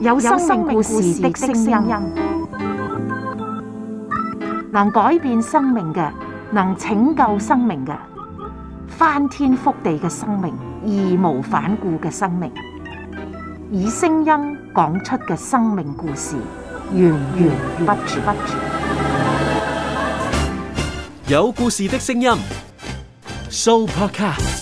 有生命故事的聲音，能改變生命嘅，能拯救生命嘅，翻天覆地嘅生命，義無反顧嘅生命，以聲音講出嘅生命故事，源源不絕。有故事的聲音，Supercar。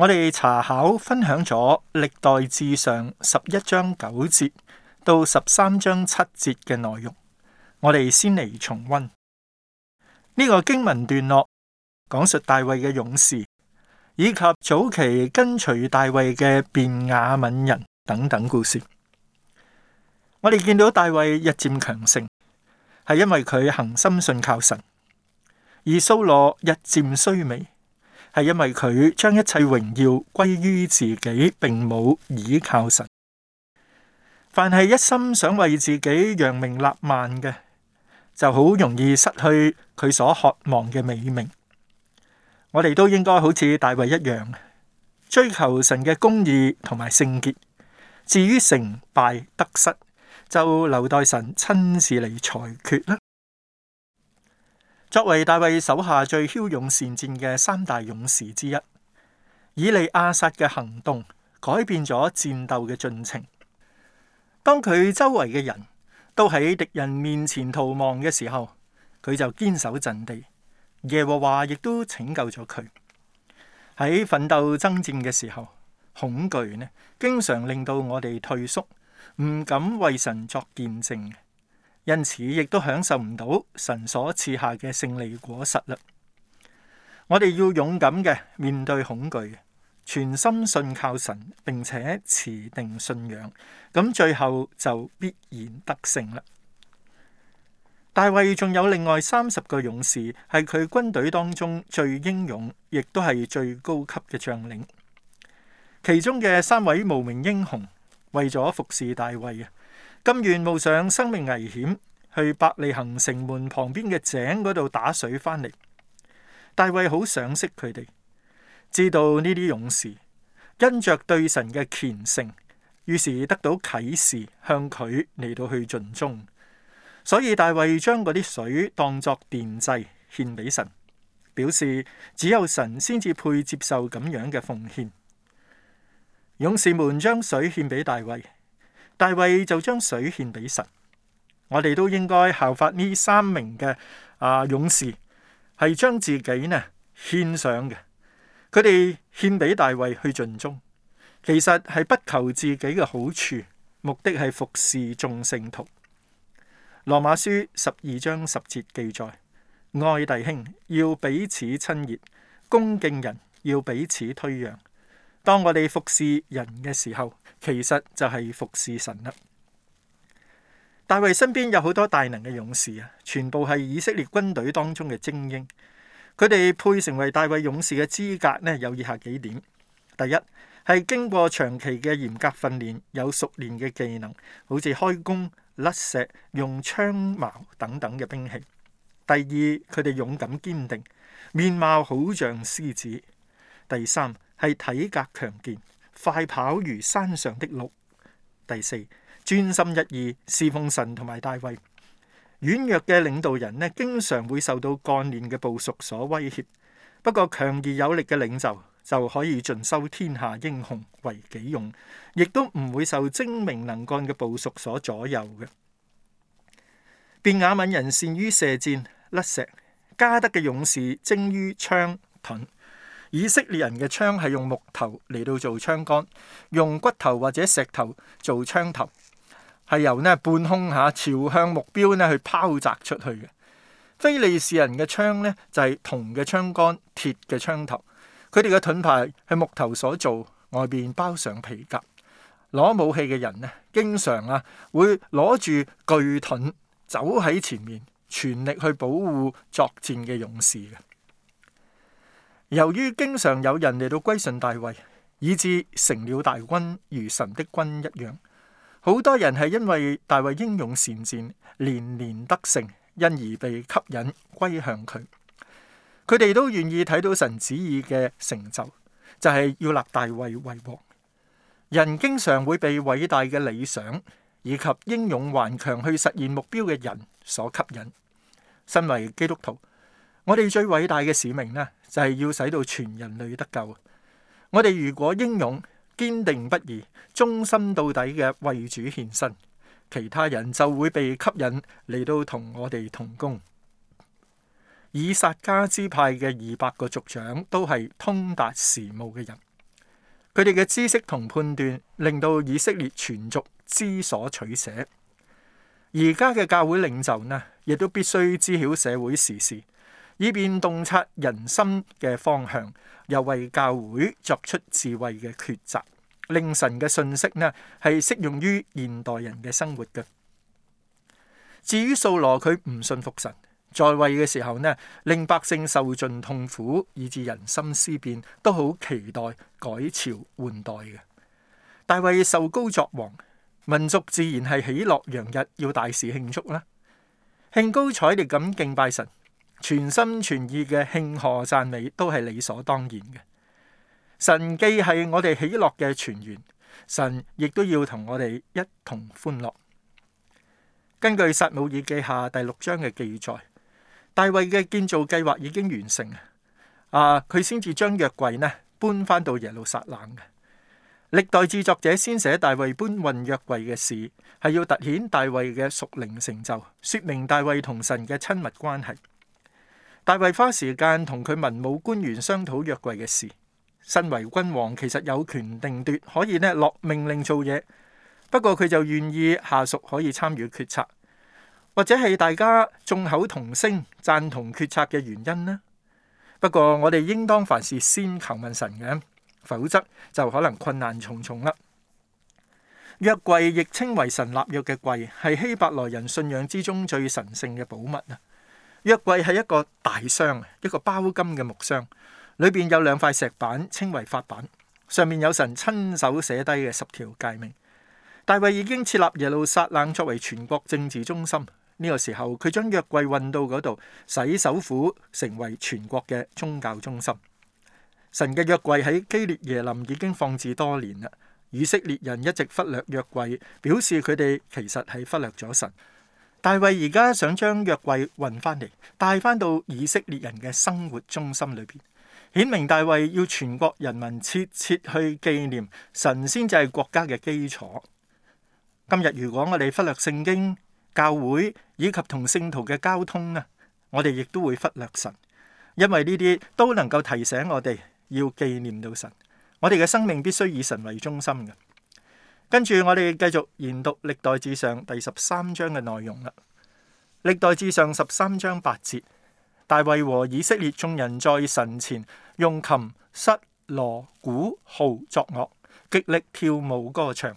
我哋查考分享咗歷代志上十一章九節到十三章七節嘅內容，我哋先嚟重溫呢、這個經文段落，講述大衛嘅勇士以及早期跟隨大衛嘅便雅憫人等等故事。我哋見到大衛日漸強盛，係因為佢恆心信靠神，而蘇羅日漸衰微。係因為佢將一切榮耀歸於自己，並冇倚靠神。凡係一心想為自己揚名立萬嘅，就好容易失去佢所渴望嘅美名。我哋都應該好似大衛一樣，追求神嘅公義同埋聖潔。至於成敗得失，就留待神親自嚟裁決啦。作為大衛手下最驍勇善戰嘅三大勇士之一，以利亞撒嘅行動改變咗戰鬥嘅進程。當佢周圍嘅人都喺敵人面前逃亡嘅時候，佢就堅守陣地。耶和華亦都拯救咗佢。喺奮鬥爭戰嘅時候，恐懼呢，經常令到我哋退縮，唔敢為神作見證。因此，亦都享受唔到神所賜下嘅勝利果實嘞。我哋要勇敢嘅面對恐懼，全心信靠神，並且持定信仰，咁最後就必然得勝啦。大衛仲有另外三十個勇士，係佢軍隊當中最英勇，亦都係最高級嘅將領。其中嘅三位無名英雄，為咗服侍大衛啊。甘願冒上生命危險去伯利恆城門旁邊嘅井嗰度打水翻嚟，大衛好賞識佢哋，知道呢啲勇士因着對神嘅虔誠，於是得到啟示向佢嚟，到去盡忠。所以大衛將嗰啲水當作奠祭獻俾神，表示只有神先至配接受咁樣嘅奉獻。勇士們將水獻俾大衛。大衛就將水獻俾神，我哋都應該效法呢三名嘅啊，呃、勇士，係將自己呢獻上嘅。佢哋獻俾大衛去盡忠，其實係不求自己嘅好處，目的係服侍眾聖徒。羅馬書十二章十節記載：愛弟兄要彼此親熱，恭敬人要彼此推讓。當我哋服侍人嘅時候，其實就係服侍神啦。大衛身邊有好多大能嘅勇士啊，全部係以色列軍隊當中嘅精英。佢哋配成為大衛勇士嘅資格呢？有以下幾點：第一，係經過長期嘅嚴格訓練，有熟練嘅技能，好似開弓、甩石、用槍矛等等嘅兵器；第二，佢哋勇敢堅定，面貌好像獅子；第三。係體格強健，快跑如山上的鹿。第四，專心一意侍奉神同埋大衛。軟弱嘅領導人咧，經常會受到幹練嘅部屬所威脅。不過，強而有力嘅領袖就可以盡收天下英雄為己用，亦都唔會受精明能幹嘅部屬所左右嘅。便雅憫人善於射箭、甩石；加德嘅勇士精於槍盾。以色列人嘅槍係用木頭嚟到做槍桿，用骨頭或者石頭做槍頭，係由呢半空下朝向目標呢去拋擲出去嘅。非利士人嘅槍呢就係銅嘅槍桿、鐵嘅槍頭，佢哋嘅盾牌係木頭所做，外邊包上皮革。攞武器嘅人呢，經常啊會攞住巨盾走喺前面，全力去保護作戰嘅勇士嘅。由於經常有人嚟到歸順大衛，以致成了大軍如神的軍一樣。好多人係因為大衛英勇善戰，年年得勝，因而被吸引歸向佢。佢哋都願意睇到神旨意嘅成就，就係、是、要立大衛為王。人經常會被偉大嘅理想以及英勇頑強去實現目標嘅人所吸引。身為基督徒，我哋最偉大嘅使命呢？就係要使到全人類得救。我哋如果英勇、堅定不移、忠心到底嘅為主獻身，其他人就會被吸引嚟到同我哋同工。以撒加支派嘅二百個族長都係通達時務嘅人，佢哋嘅知識同判斷令到以色列全族知所取捨。而家嘅教會領袖呢，亦都必須知曉社會時事。以便洞察人心嘅方向，又為教會作出智慧嘅抉擇，令神嘅信息呢係適用於現代人嘅生活嘅。至於掃羅，佢唔信服神，在位嘅時候呢，令百姓受盡痛苦，以至人心思變，都好期待改朝換代嘅。大衛受膏作王，民族自然係喜樂洋溢，要大肆慶祝啦，興高采烈咁敬拜神。全心全意嘅慶賀讚美都係理所當然嘅。神既係我哋喜樂嘅泉源，神亦都要同我哋一同歡樂。根據撒母耳記下第六章嘅記載，大衛嘅建造計劃已經完成啊！佢先至將約櫃呢搬翻到耶路撒冷嘅。歷代志作者先寫大衛搬運約櫃嘅事，係要凸顯大衛嘅屬靈成就，說明大衛同神嘅親密關係。大衛花時間同佢文武官員商討約櫃嘅事。身為君王，其實有權定奪，可以咧落命令做嘢。不過佢就願意下屬可以參與決策，或者係大家眾口同聲贊同決策嘅原因啦。不過我哋應當凡事先求問神嘅，否則就可能困難重重啦。約櫃亦稱為神立約嘅櫃，係希伯來人信仰之中最神聖嘅寶物啊。約櫃係一個大箱，一個包金嘅木箱，裏邊有兩塊石板，稱為法版，上面有神親手寫低嘅十條誡命。大衛已經設立耶路撒冷作為全國政治中心，呢個時候佢將約櫃運到嗰度，使首府成為全國嘅宗教中心。神嘅約櫃喺基列耶林已經放置多年啦，以色列人一直忽略約櫃，表示佢哋其實係忽略咗神。大衛而家想將約櫃運翻嚟，帶翻到以色列人嘅生活中心裏邊，顯明大衛要全國人民切切去紀念神，先至係國家嘅基礎。今日如果我哋忽略聖經、教會以及同聖徒嘅交通啊，我哋亦都會忽略神，因為呢啲都能夠提醒我哋要紀念到神。我哋嘅生命必須以神為中心嘅。跟住我哋繼續研讀歷代志上第十三章嘅內容啦。歷代志上，十三，代志上十三章八節，大衛和以色列眾人在神前用琴、瑟、鑼、鼓、號作樂，極力跳舞歌唱。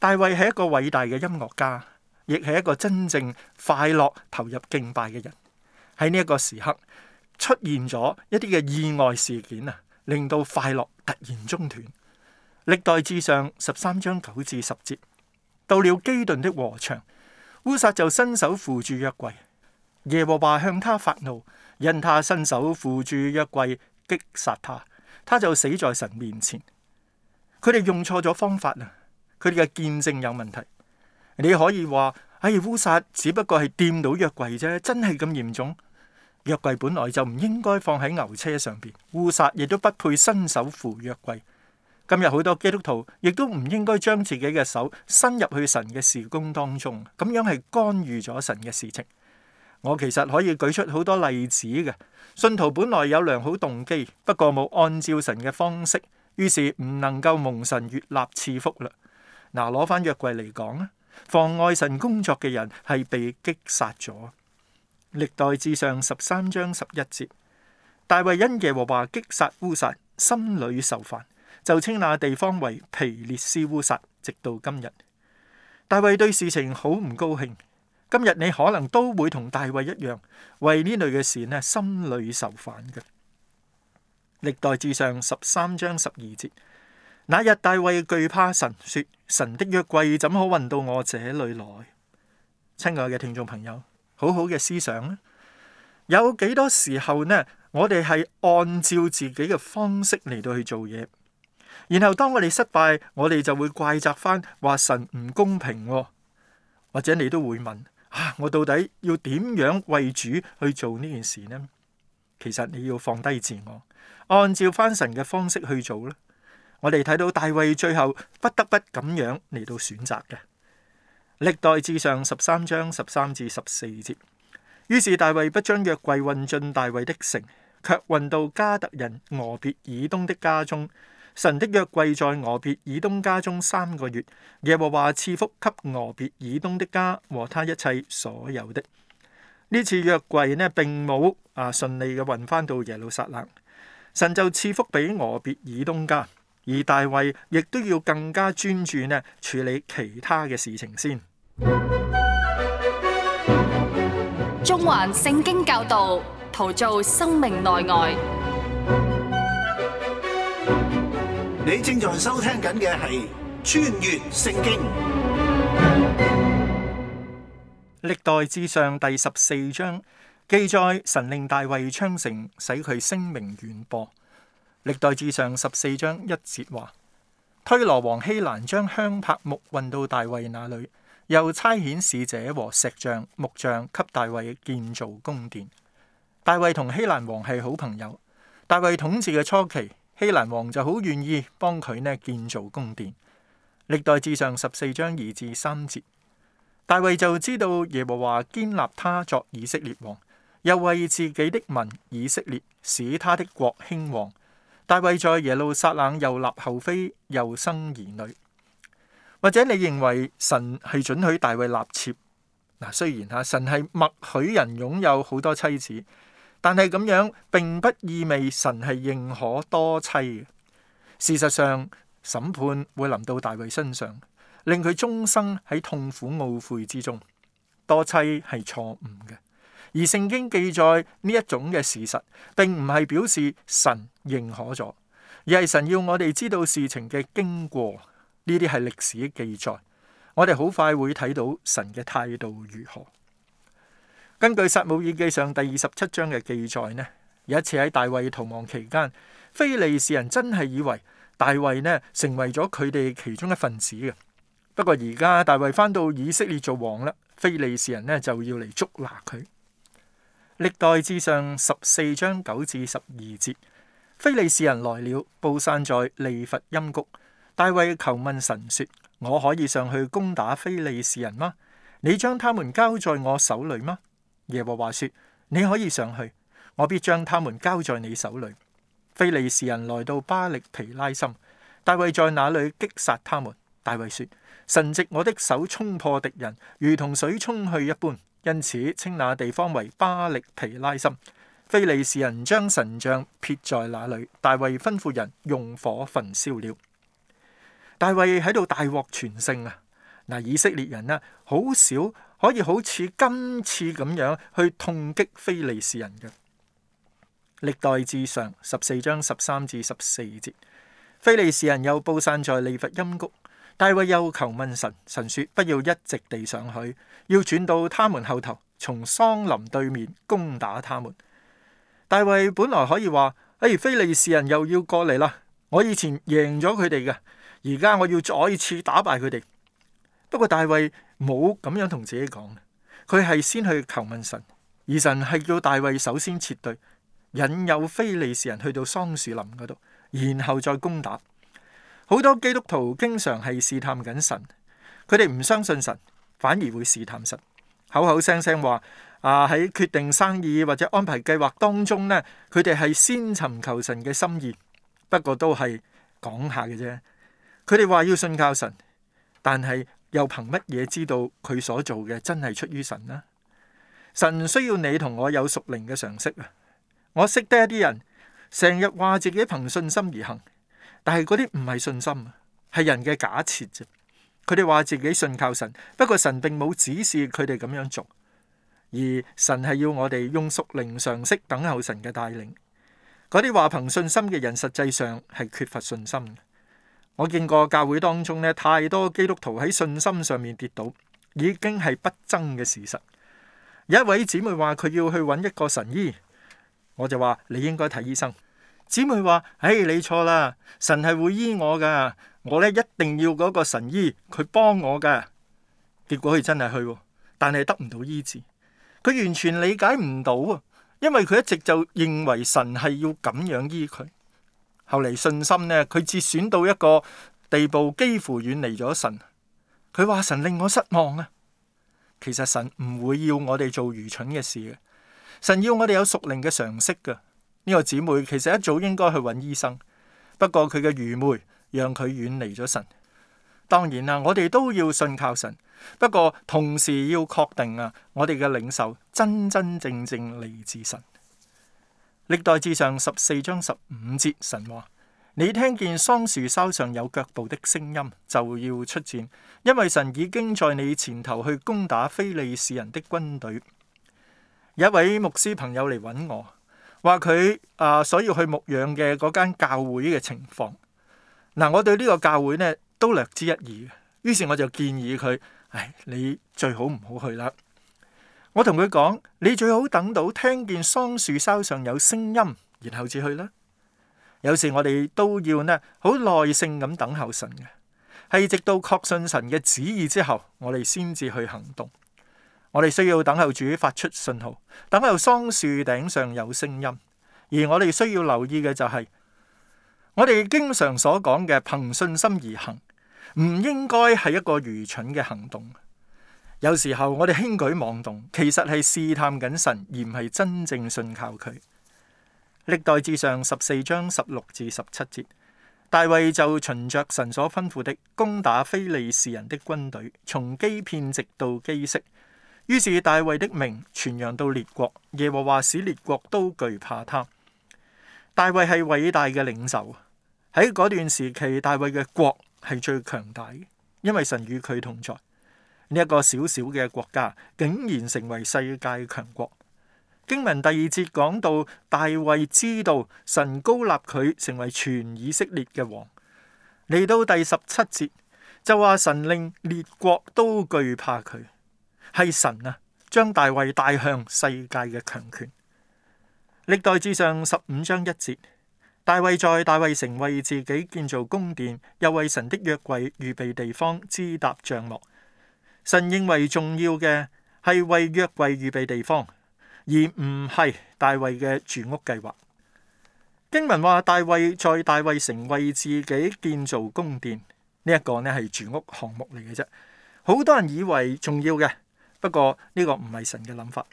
大衛係一個偉大嘅音樂家，亦係一個真正快樂投入敬拜嘅人。喺呢一個時刻，出現咗一啲嘅意外事件啊，令到快樂突然中斷。歷代志上十三章九至十節，到了基頓的禾場，烏撒就伸手扶住約櫃，耶和華向他發怒，因他伸手扶住約櫃，擊殺他，他就死在神面前。佢哋用錯咗方法啊！佢哋嘅見證有問題。你可以話，哎，烏撒只不過係掂到約櫃啫，真係咁嚴重？約櫃本來就唔應該放喺牛車上邊，烏撒亦都不配伸手扶約櫃。今日好多基督徒亦都唔應該將自己嘅手伸入去神嘅事工當中，咁樣係干預咗神嘅事情。我其實可以舉出好多例子嘅，信徒本來有良好動機，不過冇按照神嘅方式，於是唔能夠蒙神悅納賜福啦。嗱，攞翻約櫃嚟講啊，妨礙神工作嘅人係被擊殺咗。歷代志上十三章十一節，大衛因耶和華擊殺烏撒，心裏受煩。就稱那地方為皮列斯烏撒，直到今日。大衛對事情好唔高興。今日你可能都會同大衛一樣，為呢類嘅事呢，心裏受反嘅。歷代志上十三章十二節，那日大衛懼怕神，說：神的約櫃怎可運到我這裏來？親愛嘅聽眾朋友，好好嘅思想啊！有幾多時候呢？我哋係按照自己嘅方式嚟到去做嘢。然後當我哋失敗，我哋就會怪責翻，話神唔公平喎，或者你都會問啊，我到底要點樣為主去做呢件事呢？其實你要放低自我，按照翻神嘅方式去做啦。我哋睇到大衛最後不得不咁樣嚟到選擇嘅。歷代志上十三章十三至十四節，於是大衛不將約櫃運進大衛的城，卻運到加特人俄別以東的家中。神的約櫃在俄別以東家中三個月，耶和華賜福給俄別以東的家和他一切所有的。呢次約櫃呢，並冇啊順利嘅運翻到耶路撒冷，神就賜福俾俄別以東家，而大衛亦都要更加專注呢處理其他嘅事情先。中環聖經教導，陶造生命內外。你正在收聽緊嘅係《穿越聖經》，歷代志上第十四章記載神令大衛昌盛，使佢聲名遠播。歷代志上十四章一節話：推羅王希蘭將香柏木運到大衛那裏，又差遣使者和石匠、木匠給大衛建造宮殿。大衛同希蘭王係好朋友，大衛統治嘅初期。希蘭王就好願意幫佢呢建造宮殿。歷代志上十四章二至三節，大衛就知道耶和華堅立他作以色列王，又為自己的民以色列使他的國興旺。大衛在耶路撒冷又立后妃，又生兒女。或者你認為神係准許大衛立妾？嗱，雖然吓神係默許人擁有好多妻子。但係咁樣，並不意味神係認可多妻。事實上，審判會臨到大衛身上，令佢終生喺痛苦懊悔之中。多妻係錯誤嘅，而聖經記載呢一種嘅事實，並唔係表示神認可咗，而係神要我哋知道事情嘅經過。呢啲係歷史記載，我哋好快會睇到神嘅態度如何。根據撒母耳記上第二十七章嘅記載呢，有一次喺大衛逃亡期間，非利士人真係以為大衛呢成為咗佢哋其中一份子嘅。不過而家大衛翻到以色列做王啦，非利士人呢就要嚟捉拿佢。歷代志上十四章九至十二節，非利士人來了，布散在利乏音谷。大衛求問神，說：我可以上去攻打非利士人嗎？你將他們交在我手裏嗎？耶和華說：你可以上去，我必將他們交在你手裏。非利士人來到巴力皮拉森，大衛在那裏擊殺他們。大衛說：神藉我的手衝破敵人，如同水沖去一般。因此稱那地方為巴力皮拉森。非利士人將神像撇在那裏，大衛吩咐人用火焚燒了。大衛喺度大獲全勝啊！嗱，以色列人呢、啊，好少。可以好似今次咁樣去痛擊非利士人嘅。歷代志上十四章十三至十四節，非利士人又布散在利乏音谷。大衛又求問神，神說：不要一直地上去，要轉到他們後頭，從桑林對面攻打他們。大衛本來可以話：哎，非利士人又要過嚟啦！我以前贏咗佢哋嘅，而家我要再次打敗佢哋。不過大衛冇咁樣同自己講，佢係先去求問神，而神係叫大衛首先撤退，引誘非利士人去到桑樹林嗰度，然後再攻打。好多基督徒經常係試探緊神，佢哋唔相信神，反而會試探神，口口聲聲話啊，喺決定生意或者安排計劃當中咧，佢哋係先尋求神嘅心意，不過都係講下嘅啫。佢哋話要信教神，但係。又憑乜嘢知道佢所做嘅真係出於神呢？神需要你同我有屬靈嘅常識啊！我識得一啲人成日話自己憑信心而行，但係嗰啲唔係信心啊，係人嘅假設啫。佢哋話自己信靠神，不過神並冇指示佢哋咁樣做，而神係要我哋用屬靈常識等候神嘅帶領。嗰啲話憑信心嘅人，實際上係缺乏信心。我見過教會當中咧太多基督徒喺信心上面跌倒，已經係不爭嘅事實。有一位姊妹話佢要去揾一個神醫，我就話你應該睇醫生。姊妹話：誒，你錯啦，神係會醫我噶，我咧一定要嗰個神醫佢幫我噶。結果佢真係去，但係得唔到醫治，佢完全理解唔到啊，因為佢一直就認為神係要咁樣醫佢。後嚟信心呢，佢至選到一個地步，幾乎遠離咗神。佢話神令我失望啊！其實神唔會要我哋做愚蠢嘅事嘅，神要我哋有屬靈嘅常識㗎。呢、這個姊妹其實一早應該去揾醫生，不過佢嘅愚昧讓佢遠離咗神。當然啦、啊，我哋都要信靠神，不過同時要確定啊，我哋嘅領袖真真正正嚟自神。歷代志上十四章十五節，神話：你聽見桑樹梢上有腳步的聲音，就要出戰，因為神已經在你前頭去攻打非利士人的軍隊。有一位牧師朋友嚟揾我，話佢啊，所要去牧養嘅嗰間教會嘅情況。嗱、啊，我對呢個教會呢都略知一二，於是我就建議佢：唉，你最好唔好去啦。我同佢講，你最好等到聽見桑樹梢上有聲音，然後至去啦。有時我哋都要呢，好耐性咁等候神嘅，係直到確信神嘅旨意之後，我哋先至去行動。我哋需要等候主發出信號，等候桑樹頂上有聲音。而我哋需要留意嘅就係、是，我哋經常所講嘅憑信心而行，唔應該係一個愚蠢嘅行動。有時候我哋輕舉妄動，其實係試探緊神，而唔係真正信靠佢。歷代志上十四章十六至十七節，大衛就循着神所吩咐的，攻打非利士人的軍隊，從基遍直到基色。於是大衛的名傳揚到列國，耶和華使列國都懼怕他。大衛係偉大嘅領袖，喺嗰段時期，大衛嘅國係最強大嘅，因為神與佢同在。呢一個小小嘅國家竟然成為世界強國。經文第二節講到大衛知道神高立佢成為全以色列嘅王。嚟到第十七節就話神令列國都懼怕佢，係神啊，將大衛帶向世界嘅強權。歷代志上十五章一節，大衛在大衛城為自己建造宮殿，又為神的約櫃預備備地方，支搭帳幕。神認為重要嘅係為約櫃預備地方，而唔係大衛嘅住屋計劃。經文話大衛在大衛城為自己建造宮殿，呢、這、一個呢係住屋項目嚟嘅啫。好多人以為重要嘅，不過呢個唔係神嘅諗法。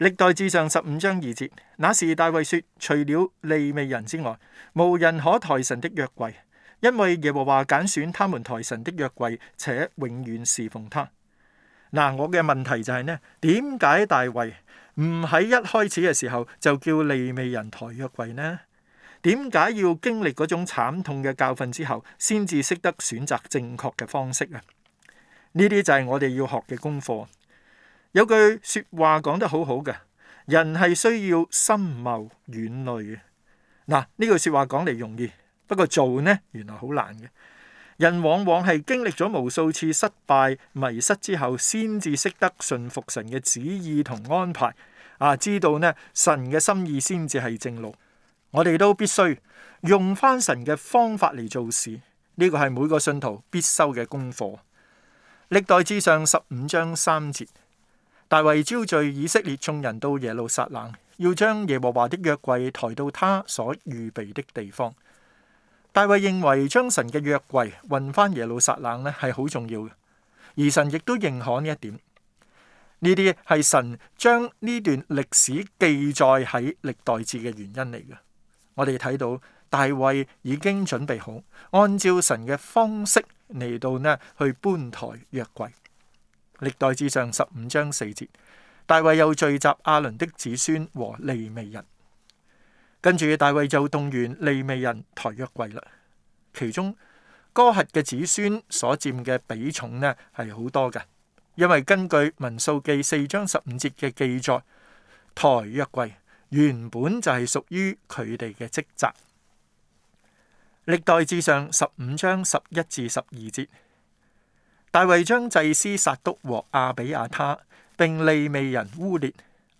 歷代志上十五章二節，那時大衛說：除了利未人之外，無人可抬神的約櫃。因為耶和華揀選他們抬神的約櫃，且永遠侍奉他。嗱，我嘅問題就係呢，點解大衛唔喺一開始嘅時候就叫利未人抬約櫃呢？點解要經歷嗰種慘痛嘅教訓之後，先至識得選擇正確嘅方式啊？呢啲就係我哋要學嘅功課。有句說話講得好好嘅，人係需要深謀遠慮嘅。嗱，呢句說話講嚟容易。不過做呢原來好難嘅，人往往係經歷咗無數次失敗、迷失之後，先至識得信服神嘅旨意同安排啊，知道呢神嘅心意先至係正路。我哋都必須用翻神嘅方法嚟做事，呢個係每個信徒必修嘅功課。歷代志上十五章三節，大衛召集以色列眾人到耶路撒冷，要將耶和華的約櫃抬到他所預備的地方。大衛認為將神嘅約櫃運翻耶路撒冷呢係好重要嘅，而神亦都認可呢一點。呢啲係神將呢段歷史記載喺歷代志嘅原因嚟嘅。我哋睇到大衛已經準備好，按照神嘅方式嚟到呢去搬抬約櫃。歷代志上十五章四節，大衛又聚集亞倫的子孫和利未人。跟住大衛就動員利未人抬約櫃嘞。其中哥轄嘅子孫所佔嘅比重呢係好多嘅，因為根據民數記四章十五節嘅記載，抬約櫃原本就係屬於佢哋嘅職責。歷代志上十五章十一至十二節，大衛將祭司撒督和亞比亞他，並利未人烏列、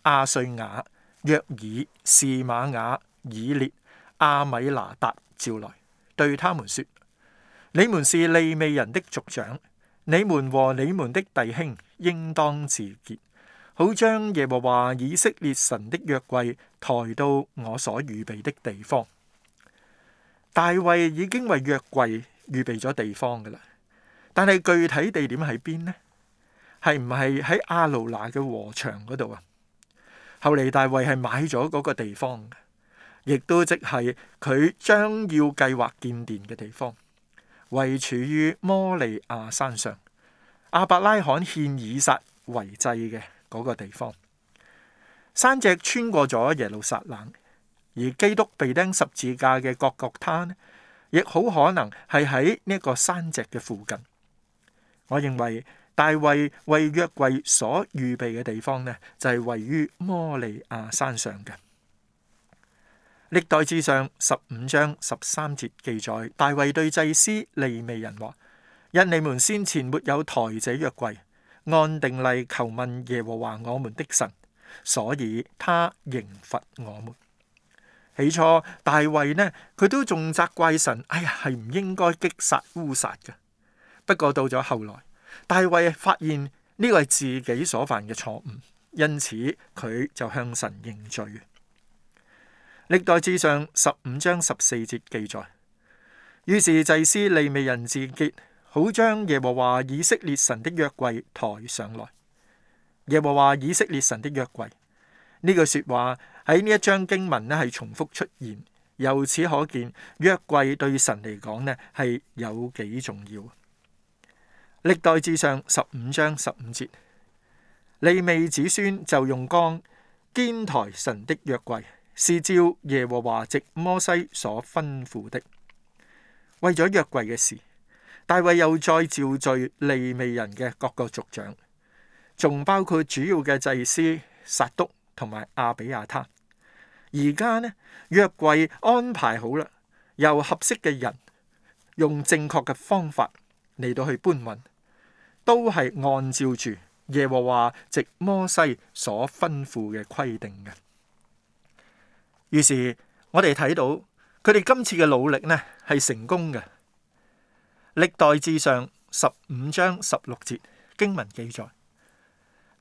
阿瑞雅、約爾、士馬雅，以列阿米拿達召來對他們說：你們是利未人的族長，你們和你們的弟兄應當自潔，好將耶和華以色列神的約櫃抬到我所預備的地方。大衛已經為約櫃預備咗地方㗎喇，但係具體地點喺邊呢？係唔係喺亞勞拿嘅禾場嗰度啊？後嚟大衛係買咗嗰個地方。亦都即係佢將要計劃建殿嘅地方，位處於摩利亞山上，阿伯拉罕獻以撒為祭嘅嗰個地方。山脊穿過咗耶路撒冷，而基督被釘十字架嘅各各他呢，亦好可能係喺呢一個山脊嘅附近。我認為大衛為約櫃所預備嘅地方呢，就係位於摩利亞山上嘅。歷代誌上十五章十三節記載，大衛對祭司利未人話：因你們先前沒有抬者約櫃，按定例求問耶和華我們的神，所以他刑罰我們。起初，大衛呢，佢都仲責怪神，哎呀，係唔應該擊殺烏撒嘅。不過到咗後來，大衛發現呢個係自己所犯嘅錯誤，因此佢就向神認罪。歷代誌上十五章十四節記載，於是祭司利未人自潔，好將耶和華以色列神的約櫃抬上來。耶和華以色列神的約櫃呢句、這個、說話喺呢一章經文呢係重複出現，由此可見約櫃對神嚟講呢係有幾重要。歷代誌上十五章十五節，利未子孫就用槓肩抬神的約櫃。是照耶和華直摩西所吩咐的，為咗約櫃嘅事，大衛又再召聚利未人嘅各個族長，仲包括主要嘅祭司撒督同埋阿比亞他。而家呢，約櫃安排好啦，由合適嘅人用正確嘅方法嚟到去搬運，都係按照住耶和華直摩西所吩咐嘅規定嘅。於是我哋睇到佢哋今次嘅努力呢係成功嘅。歷代志上十五章十六節經文記載，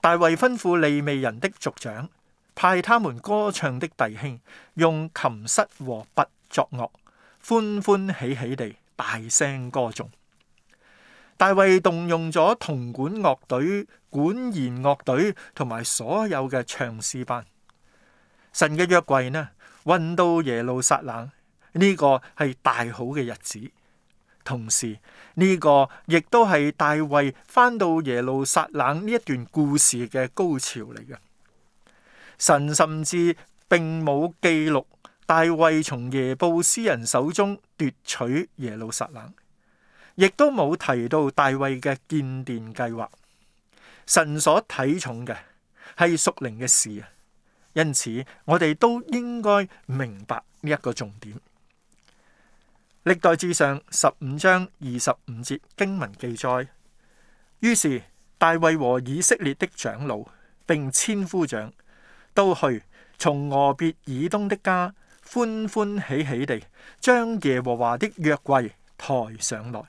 大衛吩咐利未人的族長派他們歌唱的弟兄用琴瑟和鈸作樂，歡歡喜喜地大聲歌頌。大衛動用咗銅管樂隊、管弦樂隊同埋所有嘅唱詩班。神嘅約櫃呢，運到耶路撒冷呢個係大好嘅日子，同時呢個亦都係大衛返到耶路撒冷呢一段故事嘅高潮嚟嘅。神甚至並冇記錄大衛從耶布斯人手中奪取耶路撒冷，亦都冇提到大衛嘅建殿計劃。神所睇重嘅係屬靈嘅事啊！因此，我哋都應該明白呢一個重點。歷代志上十五章二十五節經文記載，於是大衛和以色列的長老並千夫長都去從俄別以東的家歡歡喜喜地將耶和華的約櫃抬上來。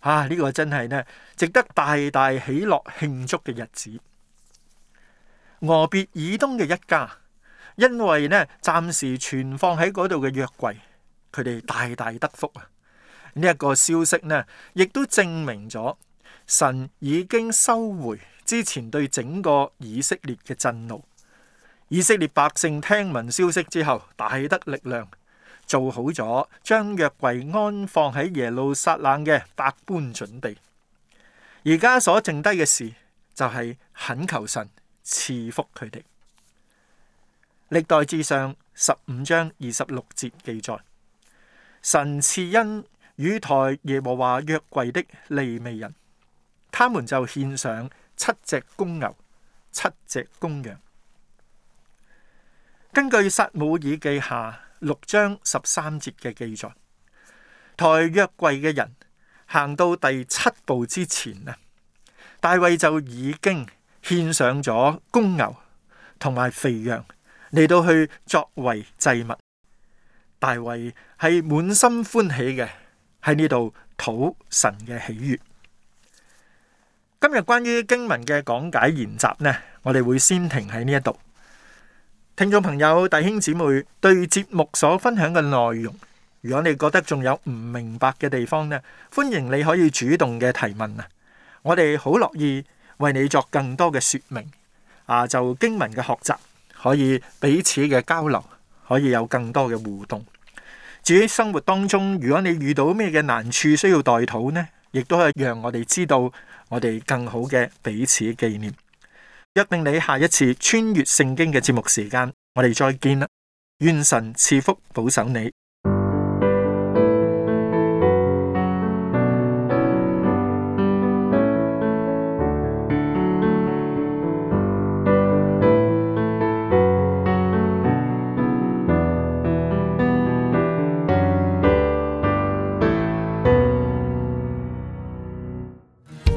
啊，呢、這個真係呢，值得大大喜樂慶祝嘅日子。俄別以東嘅一家，因為呢暫時存放喺嗰度嘅約櫃，佢哋大大得福啊！呢、這、一個消息呢，亦都證明咗神已經收回之前對整個以色列嘅震怒。以色列百姓聽聞消息之後，大得力量，做好咗將約櫃安放喺耶路撒冷嘅百般準備。而家所剩低嘅事，就係、是、懇求神。賜福佢哋。歷代志上十五章二十六節記載，神賜恩與台耶和華約櫃的利未人，他們就獻上七隻公牛、七隻公羊。根據撒母耳記下六章十三節嘅記載，台約櫃嘅人行到第七步之前呢，大衛就已經。獻上咗公牛同埋肥羊嚟到去作為祭物，大衛係滿心歡喜嘅喺呢度討神嘅喜悅。今日關於經文嘅講解研習呢，我哋會先停喺呢一度。聽眾朋友、弟兄姊妹，對節目所分享嘅內容，如果你覺得仲有唔明白嘅地方呢，歡迎你可以主動嘅提問啊，我哋好樂意。為你作更多嘅說明，啊，就經文嘅學習可以彼此嘅交流，可以有更多嘅互動。至於生活當中，如果你遇到咩嘅難處需要代禱呢，亦都係讓我哋知道，我哋更好嘅彼此紀念。約定你下一次穿越聖經嘅節目時間，我哋再見啦！願神賜福保守你。